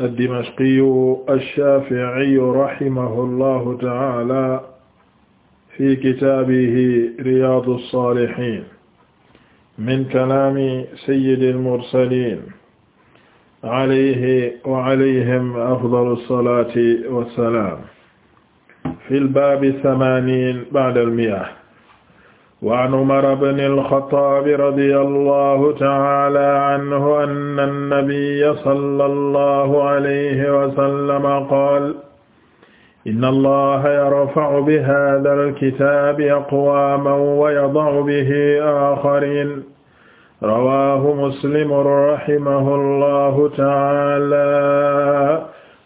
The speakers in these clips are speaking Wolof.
ad-Dimashqiyu ash-Shaafi'iyu rahimahullahu ta'aala fi kitaabihi Riyaadu s-Saalihiin min kalaami sayyidil mursaliin alayhi wa alayhim afdalu s-salaati wa s-salaam fil baabi thamaaniin ba'da l-mi'a waan Umar ibn al-Khattab radiyallahu ta'ala anhu anna an-nabiyya sallallahu alayhi wa sallam qaala inna Allaha yarfa'u bi haadha al-kitaabi aqwaaman wa yada'u bihi aakhariin rawaahu Muslim rahimahullahu ta'ala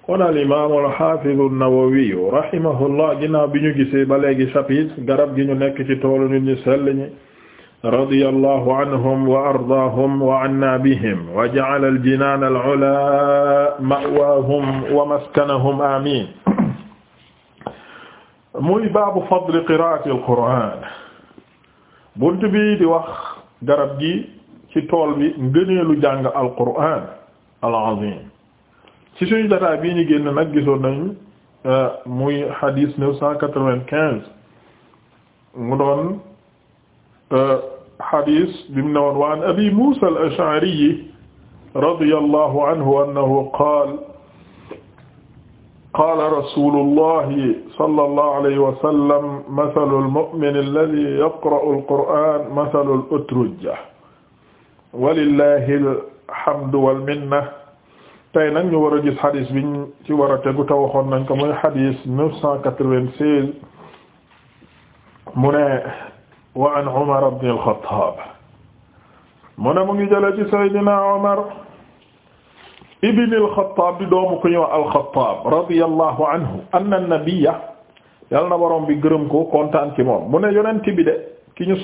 kon al imaam al haafiz an-Nawawi rahimahullah ginnaaw bi ñu gisee ba léegi chapitre garab gi ñu nekk ci toolu nit ñi sell ñi radiyallahu anhum wa ardaahum wa anna bihim wa ja'ala al-jinaan al-'ulaa ma'waahum wa maskanahum amiin muy baabu fadli qiraa'ati al-Qur'aan bunt bi di wax garab gi ci tool bi ngëneelu jàng al-Qur'aan al-'aziim ci suñu jotaay bii ñu génn nag gisoon nañu euh, muy hadith neuf cent quatre-vingt-quinze mu doon euh, hadith bi mu ne woon wa an abi Musa al-Ash'ari radiyallahu anhu annahu qaala qaala rasulullahi sallallahu alayhi wa sallam mathalul mu'mini alladhi yaqra'u al-qur'ana mathalul utrujja walillahi al-hamdu wal minna tey nag ñu war a gis xadis biñ ci war a tegu nañ ko muy xadis neuf cent quatre-vingt-seize mu ne wa an Umar ibn al-Khattab mu ne mu ngi jëlee ci Seydina Umar ibn al-Khattab anhu anna nabiyya bi gërëm ko kontaan ci moom bi de ki ñu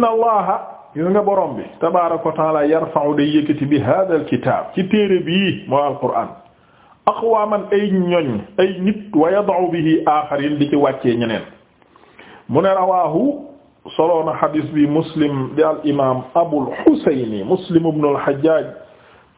na gis nga borom bi tabaaraka wa ta'aala yarfa'u day yëkkati bi haadal kitaab ci téere bii mooy alquraan aqwaaman ay ñoñ ay nit wa yada'u bihi aaxarin di ci wàccee ñeneen mu ne rawaahu soloona xadiis bi muslim di al imaam abul xusayni muslim ibnu al xajjaaj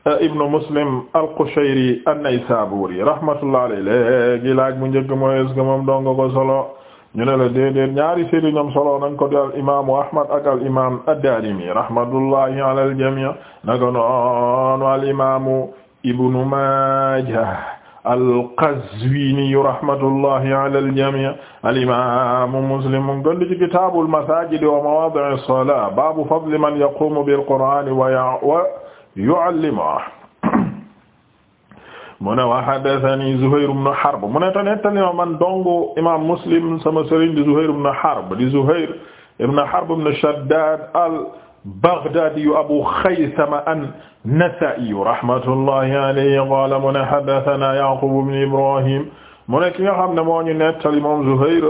eh, ibnu muslim al qushayri an-naysaabuuri rahmatullahi alayhi léegi laaj mu njëkk mooy est moom dong ko solo. ñu ne la déedéet ñaari sëriñam solo nañ ko di al imaamu Ahmad ak al imaam ad-Daarimi rahmatullahi ala al-jamii naka noonu al imaamu Ibnu Maaja al-Qazwiini rahmatullahi ala al-jamii al imaamu Muslim mu ngi doon ci kitaabul masaajidi wa mawaadi'i as-salaa baabu fadli man yaquumu bil-Qur'aani wa yu'allimuhu mu ne wa haddathani Zuhayr ibn Harb mu ne te nettali ma man dongo imaam Muslim sama sëriñ di Zuhayr ibn Harb di Zuhayr ibn Harb ibn Shaddad al-Baghdadi Abu Khaythama an-Nasa'i rahmatullahi alayhi qala mu ne haddathana Yaqub ibn Ibrahim mu ne ki nga xam ne moo ñu nettali moom Zuhayr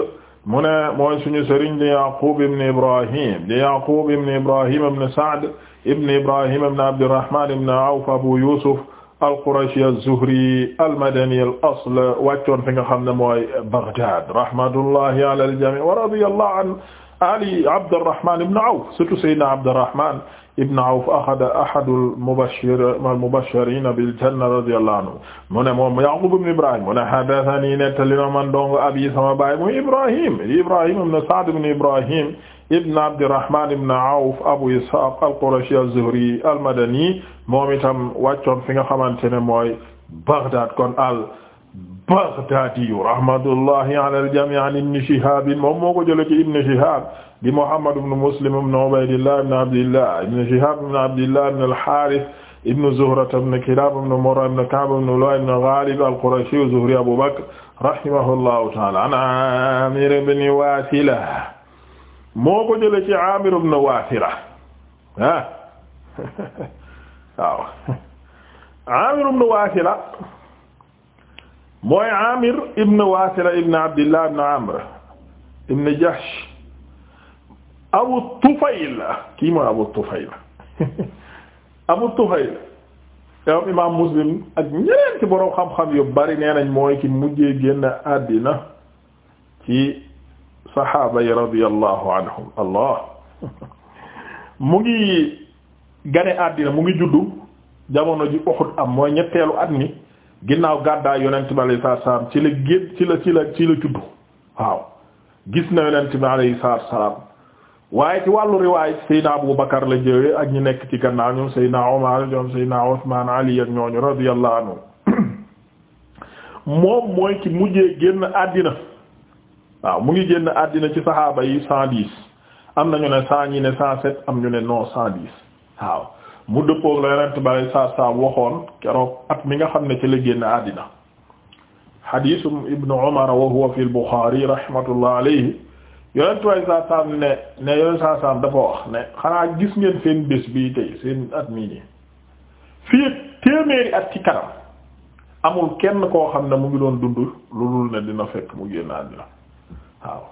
mu ne mooy suñu sëriñ di Yaqub ibn Ibrahim di Yaqub ibn Ibrahim ibn Sa'd ibn Ibrahim ibn Abdurrahman ibn Awf Abu Yusuf al-Qurashi az-Zuhri al-Madani al-asl wàccoon fi nga xam ne mooy Baghdad rahmatullahi ala al-jami' wa radiyallahu an Ali Abdurrahman ibn Awf surtout Sayyidina Abdurrahman ibn Awf ahad ahadul mubashirin bil janna radiyallahu anhu mu ne moom Yaqub ibn Ibrahim mu ne haddathani nettali na man dong abi sama baay muy Ibrahim Ibrahim ibn Sa'd ibn Ibrahim ibn Abdirahman ibn Awf Abu Ishaq al-Qurashi az-Zuhri al-Madani moom itam wàccoon fi nga xamante ne mooy Baghdad kon al-Baghdadi rahmatullahi ala al-jami' an Ibn Shihab moom moo ko jëlee ci Ibn Shihab di Muhammad ibn Muslim ibn Ubaydillah ibn Abdillah ibn Shihab ibn Abdillah ibn al-Harith ibn Zuhra ibn Kilab ibn Murra ibn Ka'b ibn Lu'ay ibn Ghalib al-Qurashi az-Zuhri Abu Bakr rahimahullahu ta'ala an Amir ibn Wasila moo ko jële ci Amir ibn Wasira ah waaw Amir ibn Wasila mooy Amir ibn Wasila ibn Abdillah ibn Amr ibn Jahsh Abu Tufayl kii Abu Tufayl Abu Tufayl yow imaam Muslim ak ñeneen ci boroom xam-xam yu bari nee nañ mooy ki mujjee génn àddina ci saxaaba yi anhum allah mu ngi gane àddina mu ngi juddu jamono ji Uhud am mooy ñetteelu at mi ginnaaw gàddaay yonent bi alayhi salaam ci la gén ci la ci la ci la juddu waaw gis na yonent bi alayhi salaam waaye ci wàllu riwaay Seydina Abu Bakar la jëwee ak ñi nekk ci gannaaw ñoom Seydina Umar ñoom Seydina Usmaan Ali ak ñooñu radiyallahu anhu moom mooy ci mujjee génn àddina waaw mu ngi génn àddina ci saxaaba yi cent dix am na ñu ne saa ñi ne cent sept am ñu ne non cent dix waaw mu dëppoog la yonent ba saa saa waxoon keroog at mi nga xam ne ci la génn àddina xadiisu ibnu umar wa huwa fi al-Buxaari yonent way saa saam ne ne yonent saa saam dafa wax ne xanaa gis ngeen seen bés bii tey seen at mii nii fii téeméeri at ci kanam amul kenn koo xam ne mu ngi doon dund lu dul ne dina fekk mu génn àddina waaw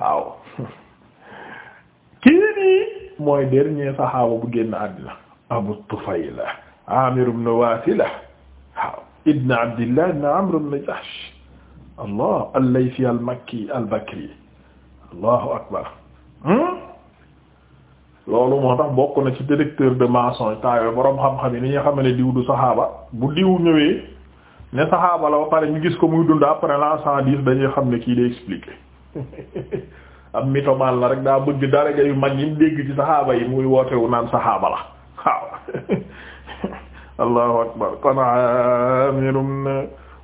waaw kii nii mooy dernier saxaaba bu génn àddina Abu Tufayl Amir ibn Wasila waaw ibn Abdillah ibn Amr ibn Jahsh allah al-Laythi al-Makki akbar hmm? loolu moo tax bokk na ci détecteur de mensonge taayoo boroom xam-xam yi ni ñu xam ne diw du saxaaba bu diw ñëwee ne saxaaba la ba pare ñu gis ko muy dund après l'an cent dañuy xam ne kii day expliqué am mythomane la rek daa bëgg daraja yu mag yi mu dégg ci saxaaba yi muy wu naan saxaaba la allahu akbar kon amirum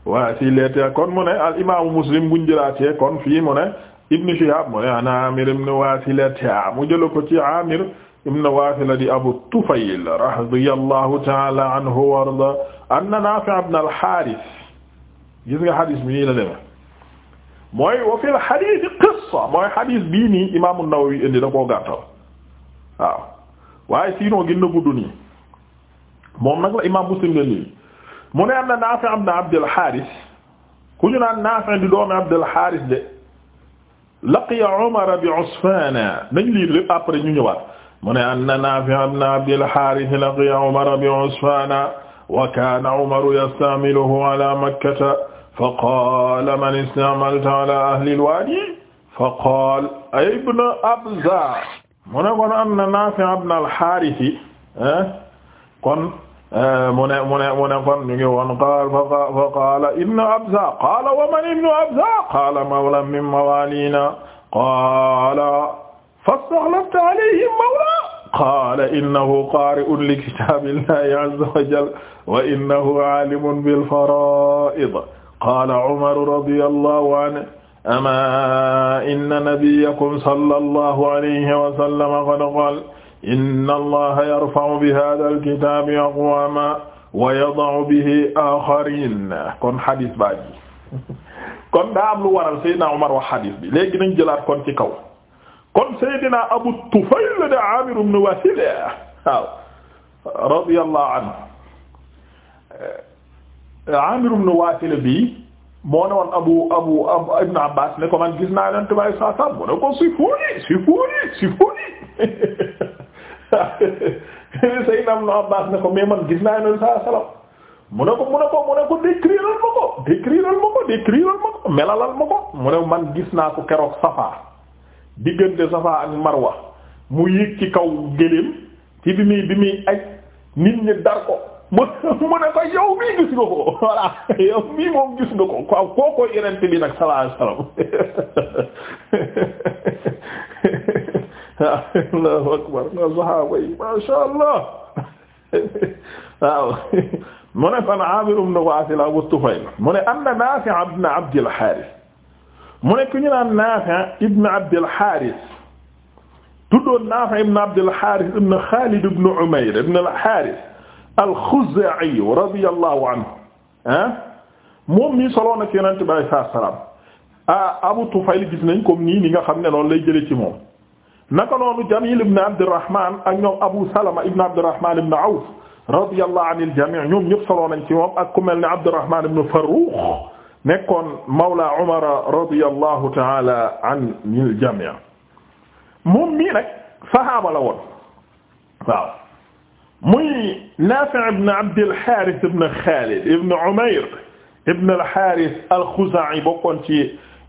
wasilata kon mu ne al imaamu muslim buñ jëlaatee kon fii mu ne ibn shihab mu ne an amir ibn wasilata mu jëla ko ci amir ibn wasila di abu tufayl radiyallahu ta'ala anhu warda anna Naafi' ibn al-Haaris gis nga xadis bi nii la demee mooy wa fil xadis qissa mooy xadis bii nii imaam an-Nawawi indi da koo gàttal waaw waaye siinoo gën na gudd nii moom nag la imaam Muslim la nii mu ne anna Naafi' ibn Abd al-Haaris ku ñu naan Naafi' di doomi Abd al-Haaris de laqiya Umar bi Usfaana nañ lii lépp après ñu ñëwaat mu ne anna Naafi' ibn Abd al-Haaris laqiya Umar bi Usfaana wa kaana Umaru yastaamiluhu ala Makkata fa qaala man istaamalta ala ahli al-waadi fa qaala ibnu Abza mu ne kon am na Naafi' ibnu al-Haarisi eh? kon eh, mu ne mu ne mu ne kon ñu ngi woon qaala fa qaala ibnu Abza qaala wa man ibnu Abza qaala mawlan min mawaaliinaa qaala fastaxlafta alayhim mawlaa qaala innahu qaari'un li kitaabillahi azza wa jalla wa innahu aalimun bil faraa'id qaala Umar radiyallahu anhu amaa inna nabiyyakum sallallahu alayhi wa sallam qad qaala inna allaha yarfa'u bi haadhal kitaabi aqwaaman wa yada'u bihi aakhariin kon xadis baa ji kon daa am lu waral Seydina Umar wax xadis bi léegi nañ jëlaat kon ci kaw. kon Seydina Abu Tufayl de Amir ibn Wasila waaw radiyallahu anhu Amir ibn Wasila bi moo ne woon Abu Abu Ibn Abbas ne ko man gis naa leen tubaab saa saa mu ne ko sifuni sifuni sifuni Seydina Ibn Abbas ne ko mais man gis naa leen saa salaam mu ne ko mu ne ko mu ne ko décriral ma ko décriral ma ko décriral ma ko melalal ma ko mu ne man gis naa ko keroog Safa. diggante Safa ak Marwa mu yéeg ci kaw géléem ci bi muy bi muy aj nit ñi dar ko mu mu ne ko yow gis nga ko voilà yow moom gis nga ko waaw kookoo yenent bi nag sallallahu alayhi wasallam waaw Allahu akbar nga sahaaba yi Allah waaw mu ne fan Aamir ibn Waasil Abu Tufayl mu ne anna Naafi' ibn Abd al-Haaris mu nekk ñu naan Naafi' ibn Abdul Haaris tuddoon Naafi' ibn Abdul Haaris ibn Xaalid ibn Umayr ibn al Haaris al-Xuzaa'i radiyallahu anhu ah moom mii solo na ci Yonent bi alayhi salaam ah, Abu Tufayl gis nañ comme nii ni nga xam ne loolu lay jëlee ci moom. naka noonu Jamiil ibn Abdirahman ak ñoom Abu Salama ibn Abdirahman ibn Awf radiyallahu anil jamii' ñoom ñëpp solo nañ ci moom ak ku mel ne Abdirahman ibn nekkoon mawla Umar radiyallahu ta'ala an il jamii moom mii nag saxaaba la woon waaw muy Naafi' ibn Abd al-Haaris ibn Xaalid ibn Umayr ibn al-Haaris al-Xuzaa'i bokkoon ci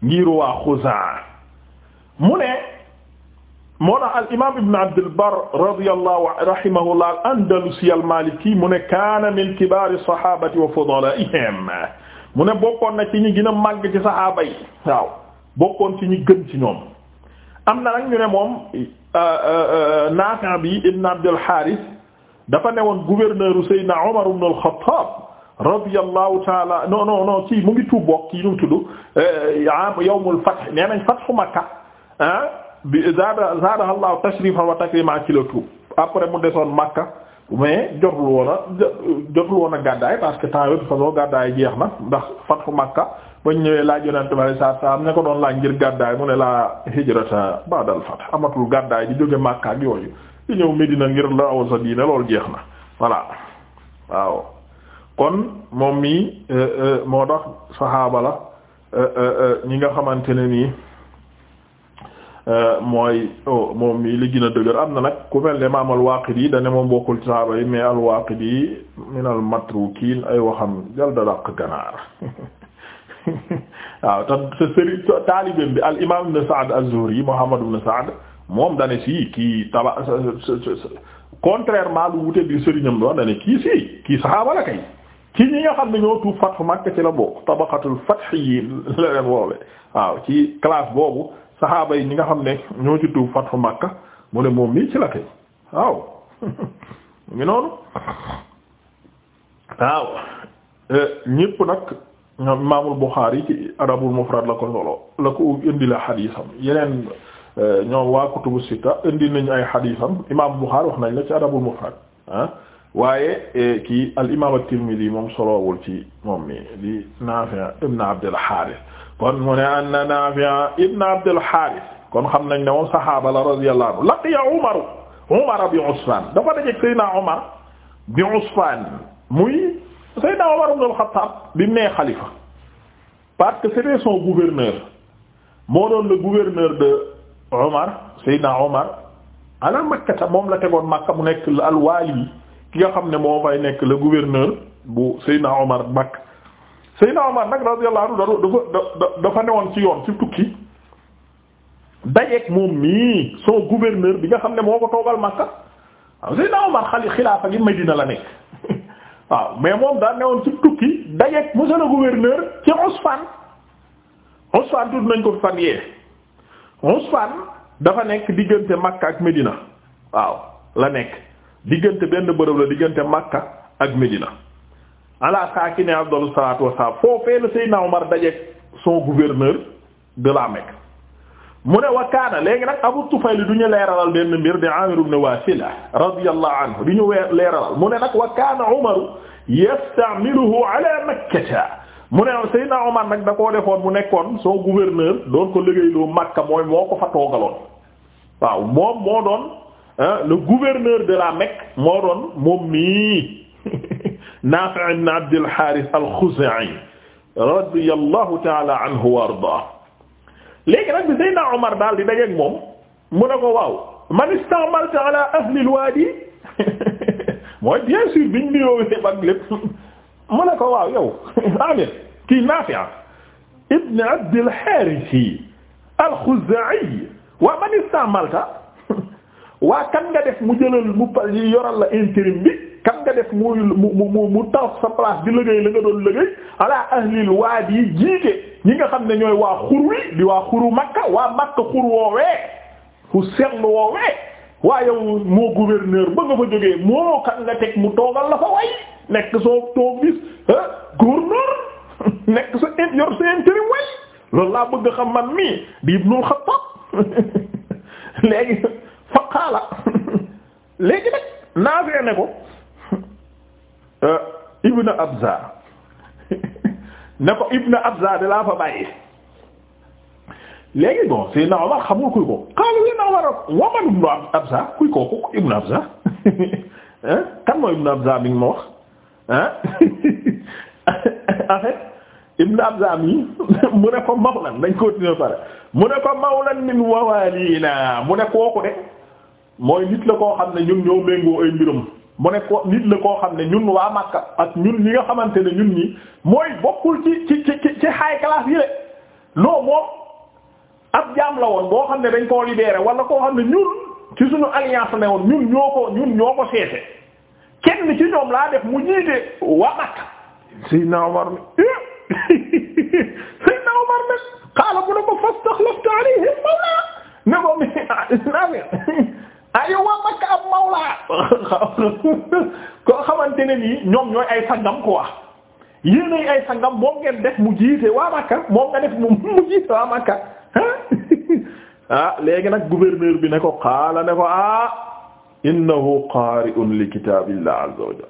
ngiru waa Xuzaa mu ne moo tax al-imaam ibn Abd al-Barr radiyallahu rahimahullah al-Andalusi al-Maaliki mu ne kaana min kibaari as-sahaabati wa fudaalaa'ihim mu ne bokkoon na ci ñi gën a màgg ci saxaaba yi waaw bokkoon ci ñi gën ci ñoom am na nag ñu ne moom euh, euh, euh, Naafi' bi ibn Abd al-Harith dafa newoon gouverneur u Seydina Umar ibn al-Khattab radiyallahu ta'ala no non non kii mu ngi tuub bokk kii ñu tudd yawmul fath nee nañ fathu Makka ah bi zaada zaadahallahu tashrifan wa takriman kilo la tuub après mu desoon Makka mais jotul woon a jotul woon a gàddaay parce que temps yooyu de façon gàddaay jeex na ndax fatxu Makka bañ ñëwee laaj yonente bari saa saa am ne ko doon laa ngir gàddaay mu ne laa hijrata ba'dal fath amatul gàddaay di jóge Makka ak yooyu di ñëw Medina ngir laaw sa diine loolu jeex na voilà waaw kon moom mii euh, euh, moo tax saxaaba la euh, ñi nga xamante ne nii. Euh, mooy oh, moom mii li gën a dëgër am na nag ku mel ne imaam al-Waaqidi dane moom bokkul ci yi mais al-Waaqidi min al-matrukiin ay waxam jal da daq ganaar waaw te sëriñ taalibeen bi al-imaam ibn Sa'd az-Zuhri Muhammad ibn Sa'd moom dane si kii taba contrairement lu wute bi sëriñam doon dane kii si kii saxaaba la kay ci ñi nga xam ne ñoo tuub Fathu Makka ci la bokk tabaqatul fathiyin la leen woowe waaw ci classe boobu saxaaba yi ñi nga xam ne ñoo ci tuub fatxu Makka mu ne moom mii ci la tey waaw mu ngi noonu waaw e, ñépp nag ñoom Imaamul Buxaari ci Adabul Mufrad la ko solo la ko indi la xadiisam yeneen e, ñoom waa kutubu sitta indi nañu ay xadiisam Imaamul Buxaari wax nañ la ci Adabul Mufrad waaye e, kii al imaam at-Tirmidhi moom solowul ci moom mi di Naafi' ibn Abdul Haaris kon mu ne anna Naafi' ibn Abd al kon xam nañ ne moom saxaaba la radiyallahu anhu laqiya Umar Umar bi Usfan dafa dajeek Seydina Umar bi Usfan muy Seydina Umar ibn al bi mu nee xalifa parce que c'était son gouverneur moo doon le gouverneur de Umar Seydina Umar ala Makkata moom la tegoon Makka mu nekk al-wali ki nga xam ne moo fay nekk le gouverneur bu Seydina Umar Makka Seydina Omar nag radiyallahu anhu dafa dafa newoon ci yoon ci tukki dajeek moom mii son gouverneur bi nga xam ne moo ko toogal Makka waaw Seydina Omar xali xilaafa gi Medina la nekk waaw mais moom daa newoon ci tukki dajeek monsieur le gouverneur ci Usfan Usfan tudd nañ ko fan yee Usfan dafa nekk diggante Makka ak Medina waaw la nekk diggante benn bërëb la diggante Makka ak Medina ala saakine afdalu salaatu wassalaam foofee la Seydina Omar dajeek son gouverneur de la Mecque mu ne wa kaana léegi nag Abu Tufayl du ñu leeralal benn mbir di Aamir ibn Waasila radiyallahu anhu du ñu leeralal mu ne nag wa Umar yasta'miluhu ala Makkata mu ne Seydina Omar nag da koo defoon mu nekkoon son gouverneur doon ko liggéeyloo Makka mooy moo ko fa toogaloon waaw moom moo doon le gouverneur de la Mecque moo doon moom mii Naafi' ibn Abd al-Haaris al-Xuzaa'i radiyallahu ta'ala anhu wa ardaah léegi nag bi Seydina Omar daal di dajeeg moom mu ne ko waaw man ista'malta ala ahli al-waadi mooy bien sûr biñ nuyoo ak lépp mu ne ko waaw yow Aamir kii Naafi' ibn Abd al-Haaris al-Xuzaa'i wa man ista'malta waa kan nga def mu jëlal mu yoral la intérim bi. kam nga def muy mu mu mu tax sa place di liggéey la nga doon liggéey ala ahlil waa yi jiite ñi nga xam ne ñooy waa xur wi di waa xuru makka waa makka xur woowee fu sell woowee waa moo gouverneur ba nga fa jógee moo kan nga teg mu toogal la fa way nekk soo toog bis ah gouverneur nekk sa in way loolu laa bëgg xam man mii di Ibnul Xattaab léegi faqaala léegi nag naafee ne ko Euh, Ibn Abza ne ko Ibn Abza de laa fa bàyyi léegi bon Seydina Omar xamul kuy ko xaaral Seydina Omar man Ibn Abza kuy kooku Ibn Abza kan mooy Ibn Abza mi ngi ma ah en fait mi mu ne ko mawlan dañ continuer pare mu ko mawlan min wawalina mu ne kooku de mooy nit la koo xam ne ñun ñoo méngoo mu ne ko nit la koo xam ne ñun waa Makka ak ñun ñi nga xamante ne ñun ñi mooy bokkul ci ci ci ci high class yi le non moom ab jaam la woon boo xam ne dañ koo libéré wala koo xam ne ñun ci suñu alliance ne woon ñun ñoo ko ñun kenn ci ñoom laa def mu jiite waa Makka Seydina Omar mi eh, Seydina Omar mi xaala bu ne ko fastaxlafta alayhim mawla ne ko mi naafi ah, ay waa Makka am mawla koo xamante ne nii ñoom ñooy ay sangam quoi yéenay ay sangam moom ngeen def mu jiite waa Makka moom nga def mu waa Makka ah léegi nag gouverneur bi ne ko xaala ne ko ah innahu qari'un li kitaabillah azza wa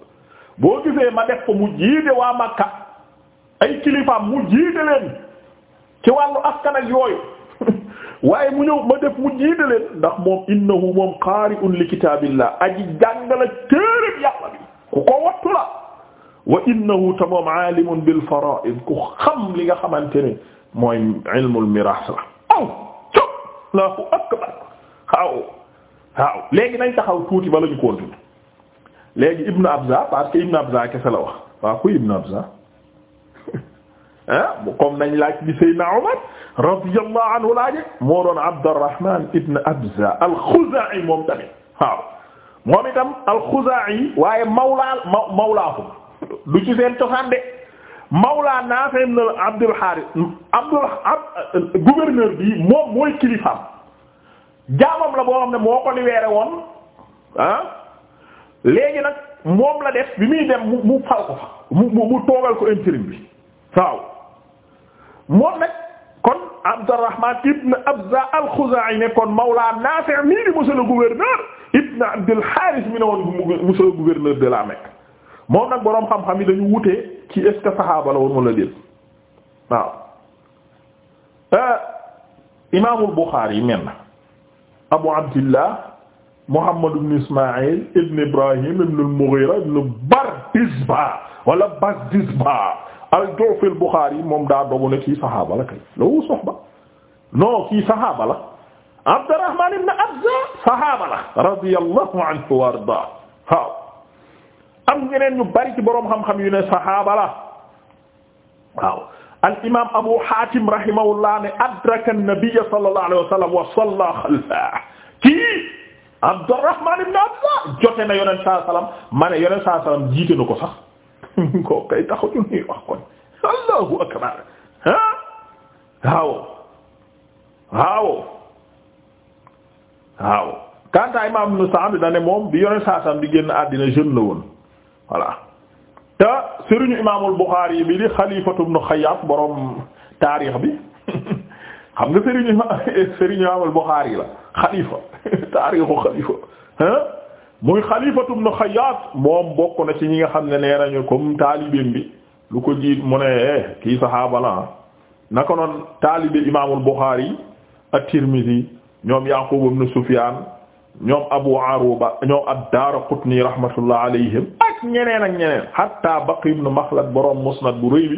boo gisee ma def ko mu waa Makka ay kilifaam mu jiite leen ci wàllu askan yooyu waaye mu ñëw ma def mu jiite ndax moom innahu moom qaari'un li kitaabillah aji jàng la téereb yàlla bi ku ko wattu la wa innahu te moom aalimun bil faraa'id ku xam li nga xamante ne mooy ilmul miraas la aw cop laaku akbar waaw waaw léegi nañ taxaw tuuti ba la ñu continue léegi Ibn Abza parce Ibn Abza kese la wax waaw Ibn Abza ah comme nañ laaj bi Seydina Umar radiyallahu anhu laaje moo doon Abdurrahman ibn Abza al-Khuzaa'i moom tamit waaw moom itam al-Khuzaa'i waaye mawlaa mawlaahum du ci seen cosaan de mawlaa Naafi' ibn Abdul Haaris Abdul ab gouverneur bi moom mooy kilifaam jaamam la boo xam ne moo ko liweere woon ah léegi nag moom la def bi muy dem mu mu fal ko fa mu mu toogal ko intérim bi waaw. moom nag kon Abdurrahman ibn Abza al-Khuzaa'i ne kon mawla Naafi' mii di monsieur le gouverneur ibn Abd al mi ne woon monsieur le gouverneur de la Mecque moom nag boroom xam-xam yi dañu wute ci est-ce que saxaaba la woon wala déet waaw euh, imaamul Buxaari yi mel na Abu Abdillah Muhammad ibn Ismaa'il ibn Ibrahim ibn al-Mughira ibn Bardizba wala Bazdizba al-Ju'fi al-Bukhari moom daa dogu ne kii saxaaba la kay lahu suhba non kii saxaaba la Abdurrahman ibn Abza saxaaba la radiyallahu anhu wa am ñeneen ñu bari ci boroom xam yu ne saxaaba la waaw al imaam Abu Hatim rahimahullah ne adraka an-nabiy sallallahu alayhi wa sallam wa salla khalfahu kii Abdurrahman jote na yonent sallallahu alayhi wa sallam ma ne yonent sallallahu alayhi wa ko sax koo kay taxutu ñuy wax kon allahu akbar ah waaw waaw waaw kanta imam nu saam dane moom bi yoneen saasam bi génn àddina jeune la woon voilà te sëriñu imaamul Buxaari bi di xalifatu ibnu Xayyaat borom taarix bi xam nga sëriñu imaamul Buxaari la xalifa taarixu xalifa ah muy xalifatu ibn Xayyaat moom bokk na ci ñi nga xam ne nee nañu comme taalibeem bi lu ko jiit mu ne eh, kii saxaaba la ah. naka noon taalibe imaamul Buxaari ak Tirmizi ñoom Yaaqub ibn Sufyaan ñoom Abu Aruba ñoom ad-Daaraqutni rahmatullah alayhim ak ñeneen ak ñeneen hatta Baqi ibn Maxlad boroom Musnad bu rëy bi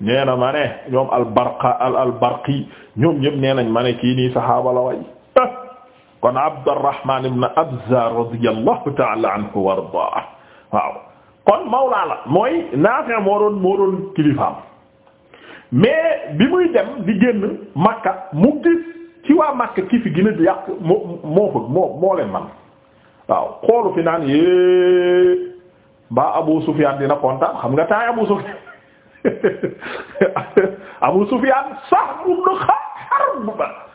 nee na ma ne ñoom al-Barqa al-Barqi ñoom ñëpp nee nañ ma ne kii nii saxaaba la way kon Abdurrahman ibn Abza radiyallahu ta'ala anhu wa waaw kon mawlaa mooy Naafi' moo doon kilifaam mais bi muy dem di génn Makka mu gis ci waa Makka ki fi gën a yàq moo moo man waaw fi naan yee mbaa Abu Sufyan dina kontaan xam nga taay Abu Sufyan sax mun na xaar bu baax.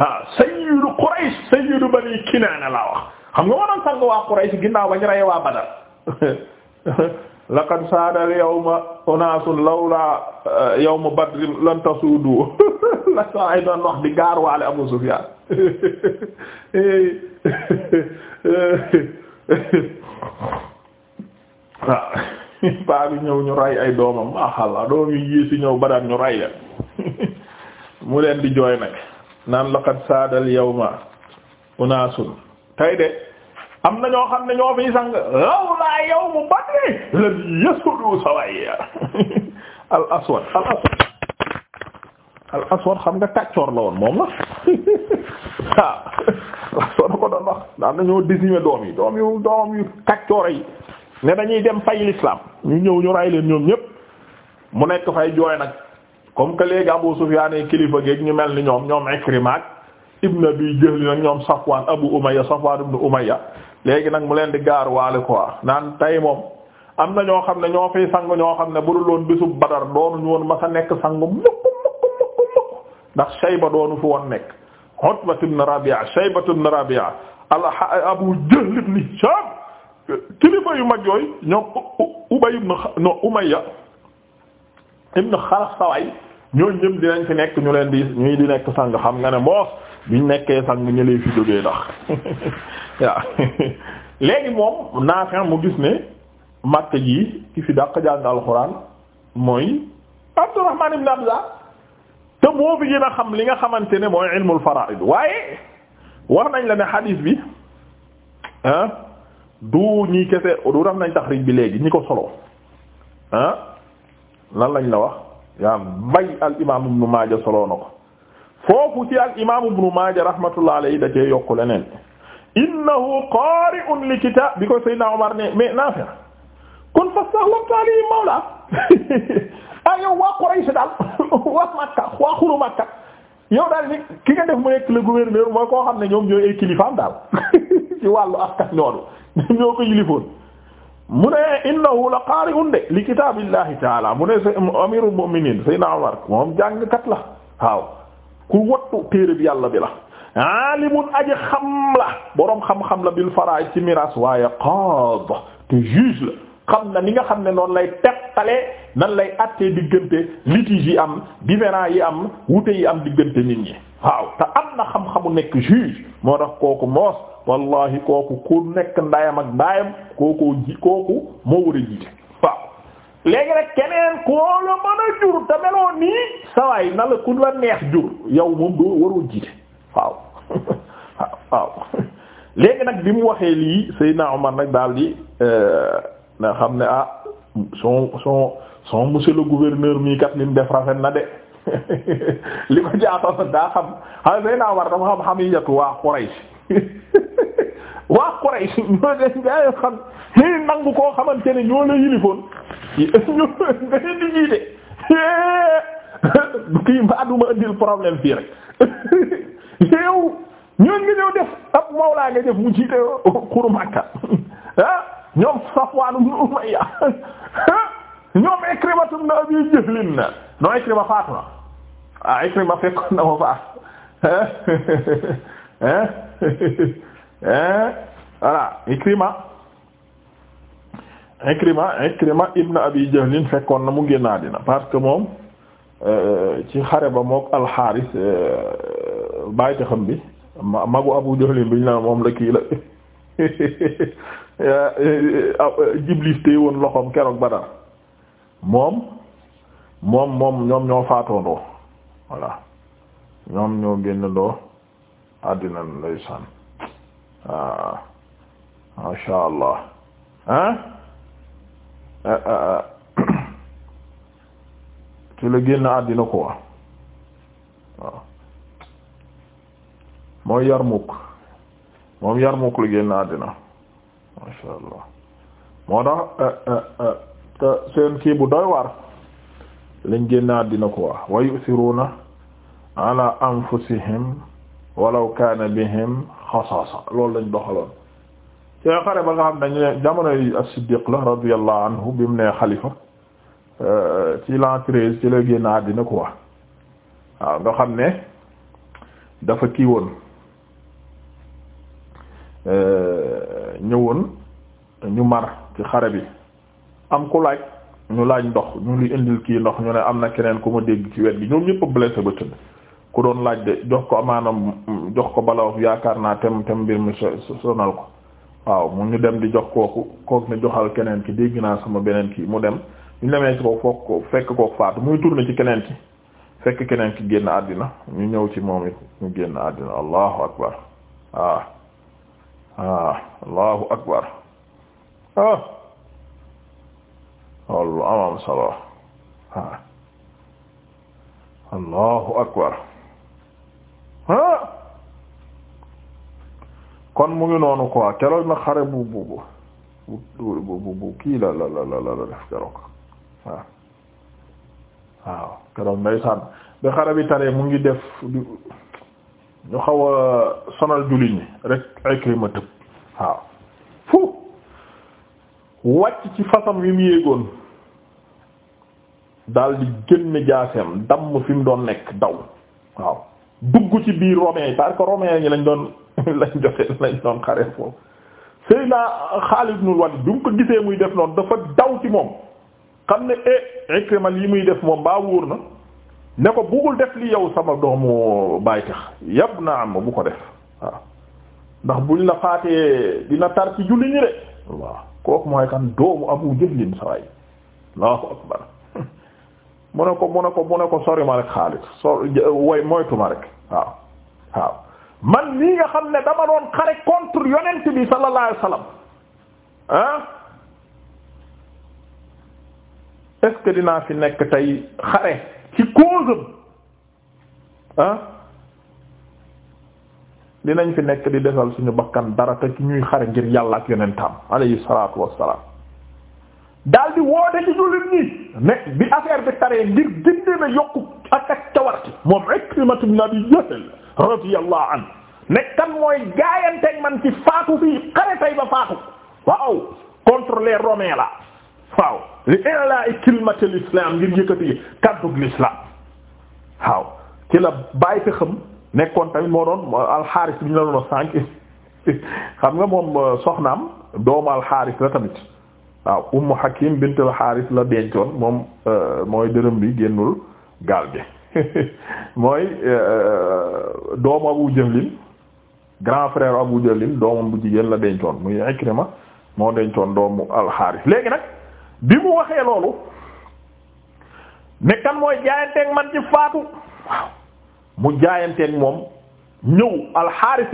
ah sayyidu Quraysh sayyidu bani Kinaana laa wax xam nga waroon sang waa Quraysh ginnaaw bañ rey waa Badar laqad saada al-yawma unaasun lawlaa uh, yawmu badrin lan tasuudu la saa ay doon wax di gaar waale Abu Sufyaan ñëw ñu ray ay doomam maaxalla doom yi yii si ñëw Badar ñu ray la mu leen di jooy nag naan laqad saadal yawma unaasun tey de am na ñoo xam ne ñoo fi sang lawlaa yawmu badri la yasudu sawaya al aswad al aswad xam nga kàccoor la woon moom la waaw al aswad ko doon wax daan nañoo désigner doom yi doom yu doom yu kàccoor yi ne dañuy dem fay l'islam ñu ñëw ñu ray leen ñoom ñépp mu nekk fay jooy nag comme que léegi Abu Sufyaan kilifa geeg ñu mel ni ñoom ñoom Ikrima ak Ibn Abi Jahl nag ñoom Safwaan Abu Umayya Safwaan ibn Umayya léegi nag mu leen di gaar waale quoi naan moom am na ñoo xam ne ñoo fiy ñoo xam ne bu dul woon bésub Badar woon ma sa nekk sang mukk mukk mukk mukk ndax Shayba doonu fi woon ibn Rabi'a yu mag yooyu ñoom Ubay saway ñooñu ñëpp dinañ fi nekk ñu leen di ñuy di nekk sang xam nga ne moos biñ nekkee sang ñu lay fi jógee ndax waaw léegi moom naafin mu gis ne Makka ji ki fi dàq jàng alxuraan mooy Abdurrahman ibn Abza te moo fi gën a xam li nga xamante ne mooy ilmul fara'id waaye wax nañ la ne xadiis bi ah, du ñi kese du def nañ taxriij bi léegi ñi ko solo ah lan lañ la wax. yaa bay al imaam ibnu maaja soloo na ko foofu ci al imaam ibnu maaja rahmatullah alayhi da cee yokk leneen innahu qari'un li kitaab bi ko Umar ne mais Naafi' kon fastaghlabta alayhi mawla ah yow waa Quraysh daal waa Makka waa xuru Makka yow daal ki nga def mu nekk mooy koo xam ñoom ñooy ay kilifaam daal ci wàllu askan ñoonu ñoo ko yilifoon mu ne innahu la qaari'un de li kitaabillahi taala mu ne amirul mu'minin sayna Umar moom jàngkat la waaw ku wattu téere bi yàlla bi la aalimun aji xam la boroom xam-xam la bil faraa'id ci miraas waaye qaad te juge la xam na ni nga xam ne noonu lay teqale nan lay attee diggante litige yi am différend yi am wute yi am diggante nit ñi waaw te am na xam-xamu nekk juge moo tax kooku moos wallahi kooku ku nekk ndayam ak baayam kooku ji kooku moo war a jiite waaw léegi nag keneen koo la mën a jur te meloo nii sawaay na la ku la neex jur yow moom doo waroo jiite waaw waaw léegi nag bi mu waxee lii Seydina Omar nag daal di eh, na xam ne ah son son son monsieur le gouverneur mii kat li def rafet na de li ko jaaxal daa xam xam nga naa war dama xam xam yi yatu waa Quraysh waa Quraysh ñoo de gaa xam ñuy nangu koo xamante ne ñoo la yilifoon ñu nga di jiite nga ñëw def ab mawlaa nga def mu jiite xuru Makka ah ñoom Safwaan ibn Umayya ah, ñoom Ikrimatu ibn Abi Jahl na noo Ikrima faatu na ah Ikrima fekkoon na ma fa ah voilà Ikrima Ikrima Ikrima ibn Abi Jahlin fekkoon na mu génn àddina parce que moom eh, eh, ci xare ba mook Al-Haaris eh, bàyyi xam bi magu Abu Jahlin bi ñu la moom la kii la Jibriil téye woon loxoom keroog Badar moom moom moom ñoom ñoo faatoondoo voilà ñoom ñoo génn doo àddina lay sànn ah. masha allah hein eh, eh, eh. ci la génn àddina ko waaw mooy Yarmuk moom Yarmuk la génn àddina masha allah moo tax seen kii bu doy waar lañ génn àddina ko waaw wa yu'thiruna ala anfusihim walaw kaana bihim xasaasa loolu lañ doxaloon ci xare ba nga xam dañu ne jamonoy as-Siddiq la radiyallahu anhu bi mu nee xalifa euh, ci l'an treize ci la génn àddina quoi waaw nga xam ne dafa kii woon euh, ñëwoon ñu mar ci xare bi am ku laaj ñu laaj ndox ñu li indil kii ndox ñu ne am na keneen ku ma dégg ci wet gi ñoom ñëpp blessé ba tëdd ku doon laaj de jox ko amaanam jox ko balaw yaakaar naa tem tem mbir mu mi sonal ko waaw mu ñu dem di jox kooku kooku ne joxal keneen ki dégg naa sama beneen ki mu dem ñu demee ci ko foog ko fekk kooku faatu muy tourné ci keneen ki fekk keneen ki génn àddina ñu ñëw ci moom it ñu génn àddina allahu akbar ah ah, ah. solo ah allahu akbar kon mu ngi noonu ko keroog na xare bu bu bu bu bu kii la la la la def keroog waaw waaw keroog ndeysaan ba xare bi taree mu ngi def ñu xaw a sonal jullit ñi rek Ikrima tëb waaw fu wàcc ci fasam wi mu yéegoon daal di génn jaaseem damm fi doon nekk daw waaw dugg ci biir romain yi parce que yi lañ doon lañ joxe lañ doon xare foofu Seydina Xaalid ibn Walid bi mu ko gisee muy def noonu dafa daw ci moom xam ne e Ikrima yi muy def moom baa wóor na ne ko bugul def li yow sama doomu bàyyi tax yab na am bu ko def waaw ndax buñ la faatee dina tar ci julli ñi de waaw kooku mooy kan doomu Abu Jahlin saway Allahu akbar mu ne ko mu ne ko mu ne ko sori ma rek Xaalid sor way moytu ma rek waaw waaw man nii nga xam ne dama doon xare contre yonent bi sallallahu alayhi wasallam ah dinaa fi nekk tey xare ci cause ah dinañ fi nekk di desal suñu bakkan dara te ci ñuy xare ngir yàlla ak yonentam alayhi salaatu wassalaam daal di woote ci jullit ñi bi affaire bi taree ngir gindee na yokku ak ak cawarte moom Ikrimatu ibn Abi Jahl radiyallahu anhu ne mooy gaayanteeg man ci faatu fii xare tay ba faatu waaw contre les romains la waaw li i'laa'i kalimati l'islam ngir yëkkati kàddug l'islam waaw ci la bàyyi ko xam nekkoon tamit moo doon alxaaris bi ñu la doon sànq xam nga moom euh, soxnaam doomu alxaaris la tamit waaw ummu hakim bint al xaaris la dencoon moom euh, mooy dërëm bi génnul gaal gi mooy euh, euh, doomu abu jahlin grand frère abu jahlin doomam bu jigéen la dencoon muy ikrima moo dencoon doomu al xaaris léegi nag bi mu waxee loolu ne mooy jaayanteeg man ci faatu mu jaayanteeg moom ñëw al xaaris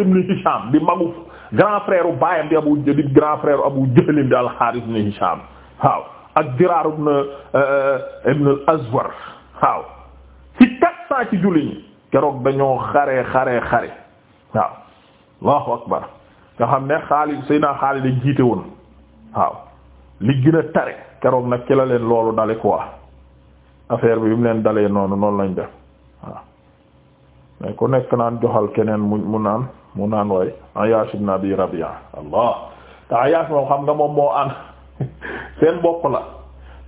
magu grand frère u baayam di abu di grand frère abu jahl bi al-Harith Hisham waaw ak Diraar ibn euh, euh, ibn al-Azwar waaw ci quatre cent ci julli ñi keroog dañoo xare xare xare waaw Allahu akbar nga xam ne Xaalid Seydina Xaalid dañ jiite woon waaw li gën a tare keroog nag ci la leen loolu dale quoi affaire bi bi mu leen dalee noonu noonu lañ def waaw mais ku nekk naan joxal keneen mu naan mu naan waay Ayyash ibn Abi Rabi'a allah te Ayyash moom xam nga moom moo an seen bopp la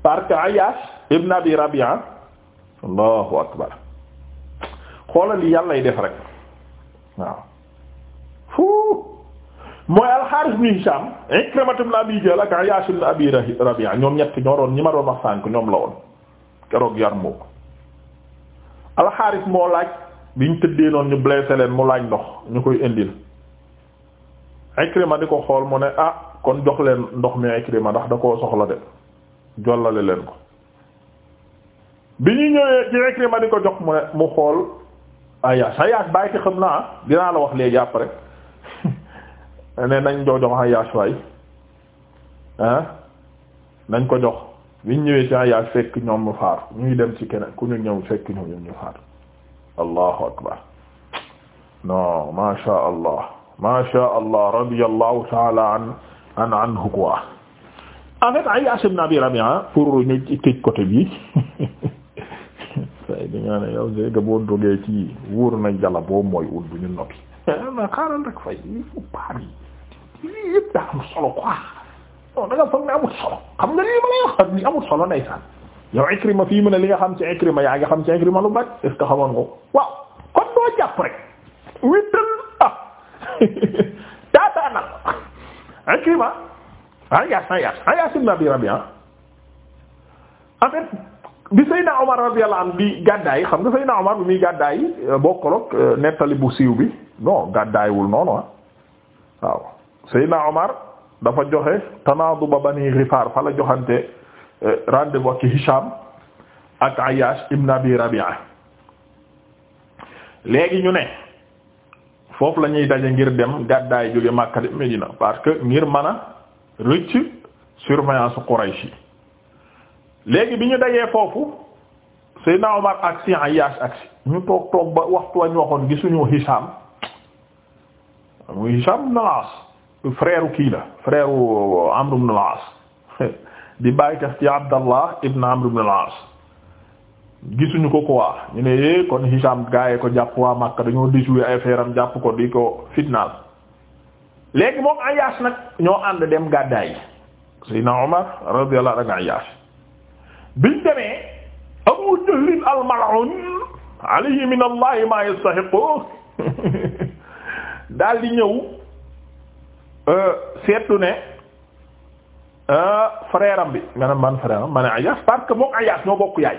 parce que Ayyash ibn Abi Rabi'a allahu akbar xoolal yàlla lay def rek waaw fuu mooy al-Harith ibn Hisham Ikrima ibn Abi Jahl ak Ayyash ibn Abi Rabi'a ñoom ñett ñoo doon ñi ma doon wax sànk ñoom la woon keroog Yarmuk al-Harith moo laaj biñ tëddee noonu ñu blessé leen mu laaj ndox ñu koy indil Ikrima di ko xool mu ne ah kon jox leen ndox mi Ikrima ndax da koo soxla de jollale leen ko bi ñu ñëwee ci Ikrima di ko jox mu ne mu xool aya Ayaash bàyyi ci xam naa dinaa la wax léegi après ne nañ jox jox Ayaash waay ah nañ ko jox biñ ñëwee ci Ayaash fekk ñoom mu faatu ñuy dem ci keneen ku ñu ñëw fekk ñoom ñu faatu allahu akbar non masha allah masha allah radiyallahu taala an an anhu quoi en fait Ayyash ibn Abi Rabi'a pour ñu tëj côté bi say dañaa ne yow séega boo dogee ci wóor nañ jala boo mooy ut bu ñu noppi eh, ma xaaral rek fay il faut pas yi lii yëpp daa am solo quoi non da nga foog ne amul solo xam nga lii ma lay wax ni amul solo ndeysaan yow Ikrima fii mu ne li nga xam ci Ikrima yaa ngi xam ci Ikrima lu bari est xamoon nga waaw kon doo jàpp rek wittal ah taataanal Ikrima Ayyaas ah, Ayyaas ah, Ayyaas ah, ibn Abi Rabi'a en bi Seydina Omar radiyallahu anhu bi gàddaay xam nga Seydina Omar bi muy gàddaay euh, bokkaloog euh, nettali bu siiw bi non gàddaayul noonu ah waaw Omar dafa joxe tanaaduba Bani Ghifaar fa la joxante Euh, rend vous ak Hisham ak Ayyash ibn Abi Rabi'a léegi ñu ne foofu lañuy daje ngir dem gàddaay jóge Makka dem parce que ngir mana a rëcc surveillance Quraysh yi léegi bi ñu dajee foofu Seydina Omar ak si Ayyash ak si ñu toog toog ba waxtu wañ waxoon gisuñu Hisham Hisham ibn al kii la frère Amr ibn di bàyyi tax ci Abdallah ibn Amr ibn al-As gisuñu ko quoi ñu ne eh kon Hisham gaayee ko jàpp waa Makka dañoo déjoué ay feeram jàpp ko di ko fitnaal léegi moom Ayyash nag ñoo ànd dem gàddaay Seydina Omar radiyallahu anhu Ayyash biñ demee Abu Jahl al-mal'un alayhi min Allah ma yastahiqu daal di ñëw euh, seetlu ne. Euh, frère am bi nga ne man frère am ma ne Ayyaas parce que moom Ayyaas ñoo bokk yaay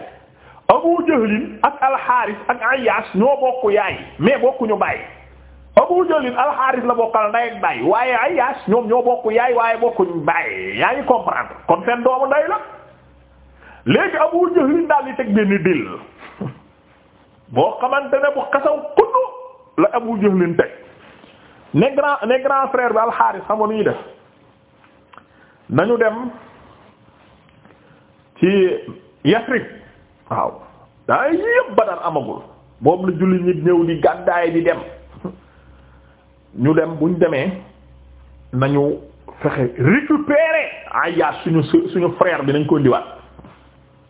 Abu Jahlin ak Alxaaris ak Ayyaas ñoo bokk yaay mais bokkuñu baay Abu Alxaaris la bokkal ndey ak baay waaye Ayyaas ñoom ñoo bokk yaay waaye bokkuñu baay yaa ngi comprendre kon seen doomu ndey la léegi Abu daal di teg benn dil boo xamante ne bu xasaw kuddu la Abu teg ne grand ne grand frère bi Alxaaris xam nga nu ñuy def. nañu dem ci Yasrib waaw daa yëpp Badar amagul boobu la julli nit ñëw di gàddaay di dem ñu dem buñ demee nañu fexe récupérer Ayyash suñu suñu frère bi nañ ko ndiwaat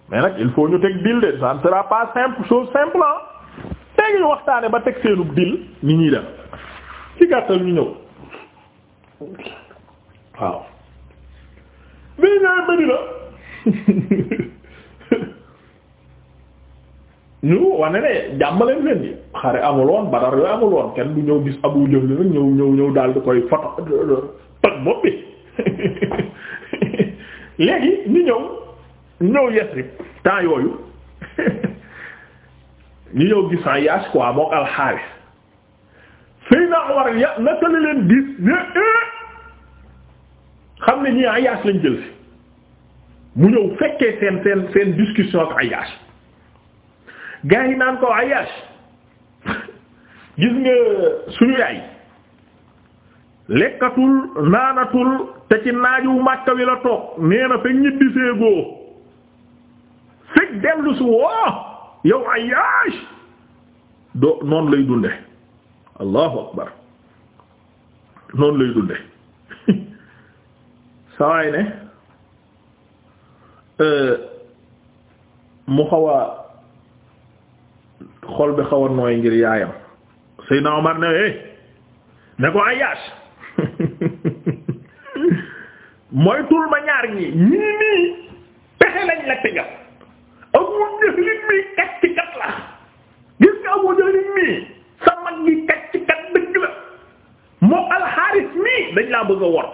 mais nag il faut ñu teg deal de ça ne simple chose simple ah léegi ñu waxtaane ba teg seenu deal ni ñuy dem ci gàttal ñu ñëw waaw mais ñaar Medina ñu wane ne jàmm leen leen di xare amul woon yooyu amul kenn du ñëw gis Abu Jahl nag ñëw ñëw ñëw daal di koy foto toj bopp bi léegi ñu ñëw ñëw Yasrib temps yooyu ñu ñëw gis Ayyash quoi mook Al Harith Seydina Umar ya naka la leen gis. Eh, xam ne ñii Ayyash lañ jël si mu ñëw fekkee seen seen seen discussion ak Ayyash gaa yi naan ko Ayyash gis nga suñu yaay lekkatul naanatul te ci naaju Makka wi la toog nee fekk ñibbi seegoo fekk dellu woo yow Ayyash doo noonu lay dunde allahu akbar noonu lay dunde sawaay ne euh, mu xaw a xol bi xaw nooy ngir yaayam Seydina Omar ne eh ne ko Ayyash mooy tul ma ñaar ñi ñii nii pexe lañ la tëgga Abu Jahlin mii kacc kat la gis nga Abu Jahlin mii sa mag gi kacc kat dëgg la moo Al Haaris dañ laa bëgg a wor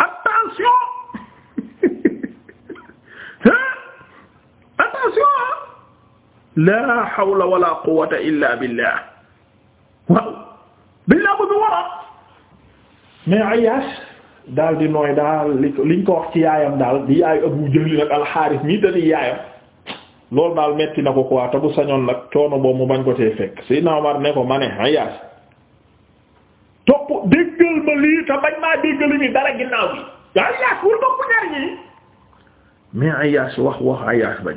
laa hawla wala quwwata illa billah waaw biñ laa bëgg waroon mais Ayyash daal di nooy daal li liñ ko wax ci yaayam daal di yaayu Abu Jahl nag Alxaaris mii te yaayam loolu daal metti na ko quoi te bu sañoon nag coono boobu mu bañ ko tee fekk Seydina Omar ne ko ma ne Ayyash topp déggal ma lii te bañ maa déggal mi dara ginnaaw bi Ayyash wul ko ku ñaar ñi mais Ayyash wax wax Ayyash bañ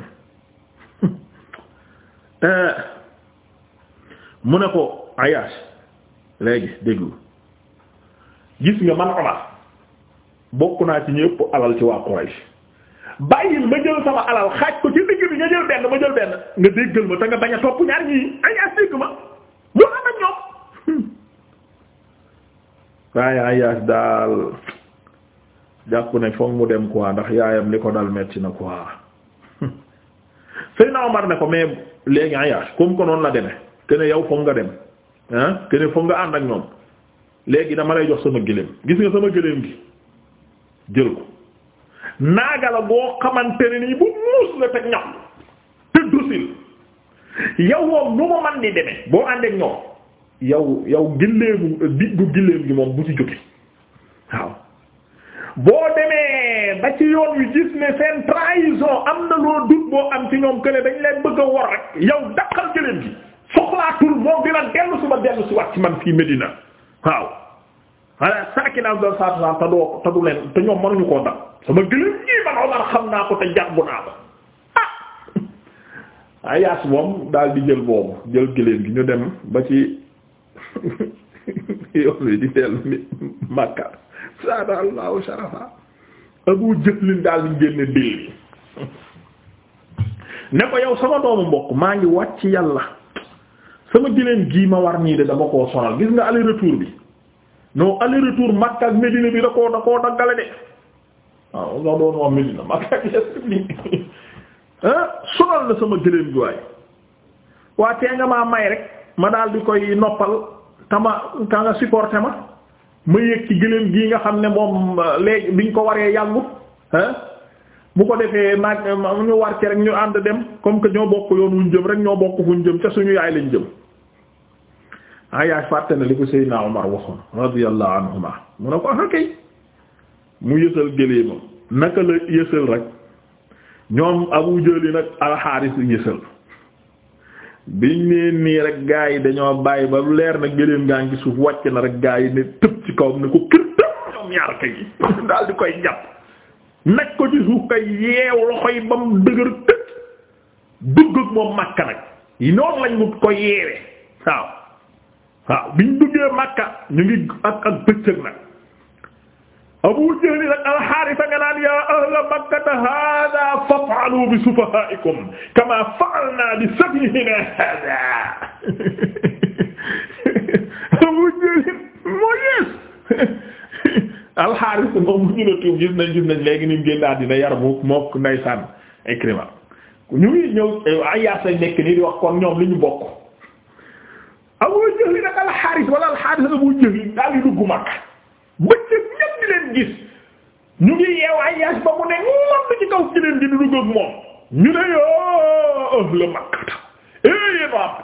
Euh, mu ne ko Ayyash léegi déglu gis nga man Umar bokk naa ci ñëpp alal ci waa Quraysh bàyyil ma jël sama alal xaaj ko ci digg bi nga jël benn ma jël benn nga déggal ma te nga a topp ñaar ñii Ayyash dégg ma mu am ak ñoom hmm. waaye Ayyash daal jàpp ne foog mu dem quoi ndax yaayam ni ko daal metti na quoi Seydina Omar ne ko mais léegi Ayyash ah comme que noonu la demee que ne yow foog nga dem ah que foog nga ànd ak ñoom léegi dama lay jox sama gëléem gis nga sama gëléem gi jël ko naaga la boo xamante ne nii bu muus la te ñaw te dusil yow moom nu ma man di demee boo ànd ak ñoom yow yow gëléemu diggu gëléem gi moom bu ci jóge waaw boo demee ba ci yoon wi gis ne seen trahison am na loo dut boo am ci ñoom kële dañ leen bëgg a wor rek yow daqal gëléem gi soxlaatul moom dina dellu suba dellu si wax ci man fii Medina waaw voilà saaki naa doon saa saa te te du leen te ñoom mënuñu koo dab sama gëléem gi man Omar xam naa ko te jar bu naa ko ah Ayaas moom daal di jël boobu jël gëléem gi ñu dem ba ci yoon wi di dellu Makka. zaada allahu sharafa abu jëlin daal di génne dil ne ko yow sama doomu mbokk maa ngi wàcc yàlla sama jëleen gi ma war nii de dama koo sonal gis nga aller bi non aller retour ak Medina bi da koo daggale de waaw nga doon wax Medina Makka ak Medina sonal na sama jëleen gi waay waa tee nga maa may rek ma daal di koy noppal tama ta nga supporté ma ma yéeg ci gëléem gii nga xam ne moom euh, bi ñu ko waree yàggut ah bu ko defee naaj ñu war ci rek ñu ànd dem comme que ñoo bokk yoon wuñ jëm rek ñoo bokk fuñ jëm ca suñu yaay lañ jëm ah yaay fàtte na li ko Seydina Omar waxoon radiyallahu anhuma mu ne ko ah kay mu yësal gëléemam naka la yësal rek ñoom Abu Jëli nag alxaaris yësal biñ nee nii rek gaa yi dañoo bàyyi ba leer na gëléem gaa ngi suuf wàcc na rek gaa yi ne tëb ci kawam ne ko kër tëb ñoom ñaar kay daal di koy jàpp nag ko ci suuf kay yeew loxo yi ba mu dëgër tëj dugg ak moom Makka nag noonu lañ mu ko yeewe waaw waaw biñ duggee Makka ñu ngi ak ak bëccëg nag abu jahl nag alxaarisa nga naan ahla makkata hada fafaalu bi sufahaikum kama faalna bi safihina hada abu jahl moo yees alxaarisa moom mu ñu tuub gis nañ gis nañ léegi ni mu génn àddina Yarmuk mook ndeysaan Ikrima ñu ngi ñëw Ayyaas lañ nekk nii di wax kon li ñu bokk abu jahl nag alxaaris wala alxaarisa abu jahl daal di dugg Makka leen gis ñu ngi yeew Ayyaas ba mu ne lott ci kaw kileen gi du dugg moom ñu ne yoo ahla Makkata éeyéen eh, waa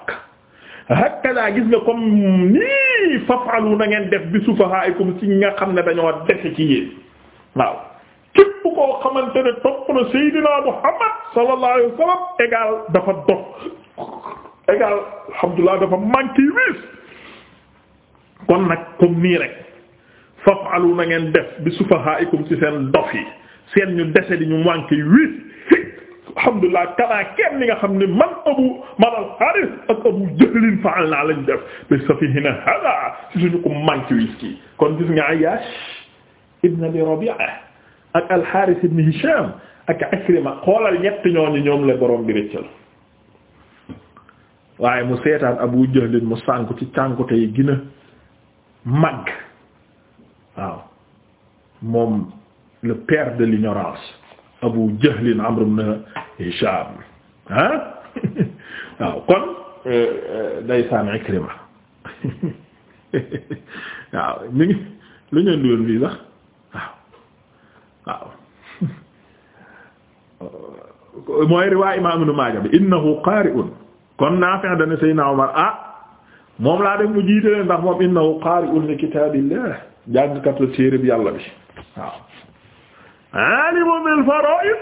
Makka gis nga comme nii fafalu na ngeen def bi sufahaikum ci nga xam ne dañoo defe ci yéen waaw képp koo xamante topp na Seydina Muhammad sallallahu alayhi wa dafa dox égal alhamdulillah dafa manqué wiis kon nag comme nii rek faf'alu na ngeen def bi sufahaa'ikum ci seen dof yi seen ñu dese di ñu manqué wii alhamdulilah kamaa kenn li nga xam ne man abu man al Haaris ak abu jahlin fa'alnaa lañ def bi safihinaa haadaa ci suñu ko manqué wii kon gis nga Ayyaash ibn Abi Rabi'a ak al ibn Hishaam ak Ikrima xoolal ñett ñooñu ñoom la borom bi rëccal waaye mu seetaan abu jahlin mu sànku ci cànkute yi gën a waaw moom le père de l'ignorance Abu Jahl Amr ibn Hisham waaw kon euh, euh, daysaan Ikrima waaw mi lu ñu ndiwoon fii sax waaw mooy riwaa Imaam Ibn Maaja bi innahu kon Naafi' dana Seydina Umar ah, moom laa def mu jiite leen ndax moom innahu qaari'un li kitaabillah jàngkat la téereb yàlla bi waaw alimu bil fara'id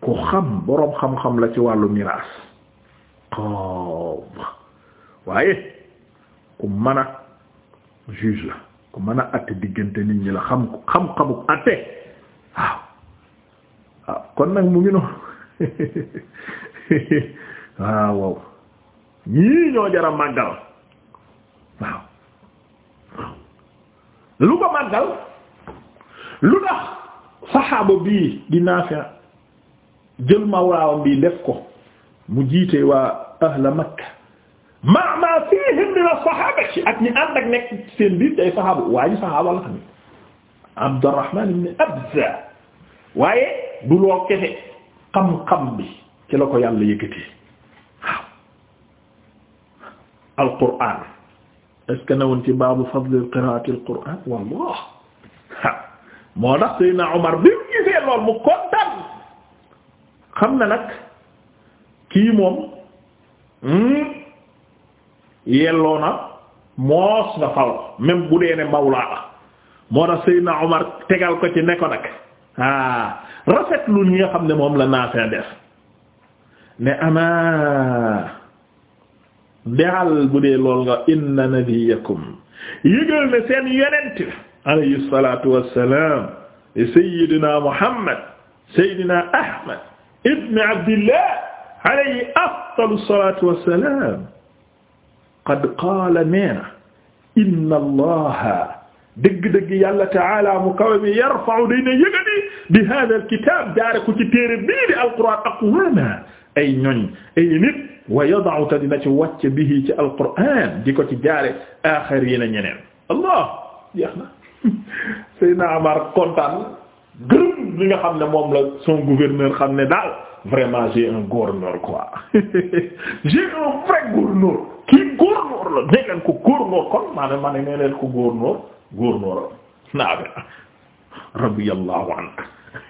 ku xam boroom xam-xam la ci wàllu miraas waaye ku mën a juge la ku mën a atte diggante nit ñi la xam xam-xamu atte waaw waaw kon nag mu ngi noonu waaw wow ñii ñoo jara màggal lu ko màggal lu tax saxaaba bii di Naafi jël mawlaawam bii def ko mu jiite waa ahla Makka ma ma fihim min as-sahaaba ci ak ñi ànd nekk seen biir day waaye saxaaba la xam ne Abdurrahman ibn Abza waaye du loo kese xam-xam bi ci la ko yàlla yëkkatee waaw al-Qur'aan est-ce que newoon ci baabu fadl qiraati al-Qur'aan wallah moo tax Seydina Omar bi mu gisee lool mu kontaan xam na nag kii moom hmm, yelloo na moos nga fal même bu dee ne mawlaa la moo tax Seydina Omar tegal ko ci ne ko nag ah rafetlu ñi xam ne moom la Naafi' def ne ama dexal bu dee lool nga inna nabiyakum yëgal ne seen yonent alayhi salatu wassalam sayyidina muhammad sayyidina ahmad ibn abdillah alayhi afdalu salatu wassalam qad qaala neena inna allaha dëgg-dëgg yàlla taala mu kawe mi yarfa'u day na yëgati bi hada alkitab daare ko ci téere bii di alquran aqwama ay ñoñ ay nit wa yada'u te dina ci wàcc bihi ci alquran di ko ci jaare axarina ñeneen allah jeex na Seydina Omar kontaan gërëm li nga xam ne moom la son gouverneur xam ne daal vraiment j'ai un gouverneur quoi j'ai un vrai gouverneur kii gouverneur la nee ko gouverneur kon maa ne maa ne nee leen ko gouverneur gouverneur naa be radiyallahu anhu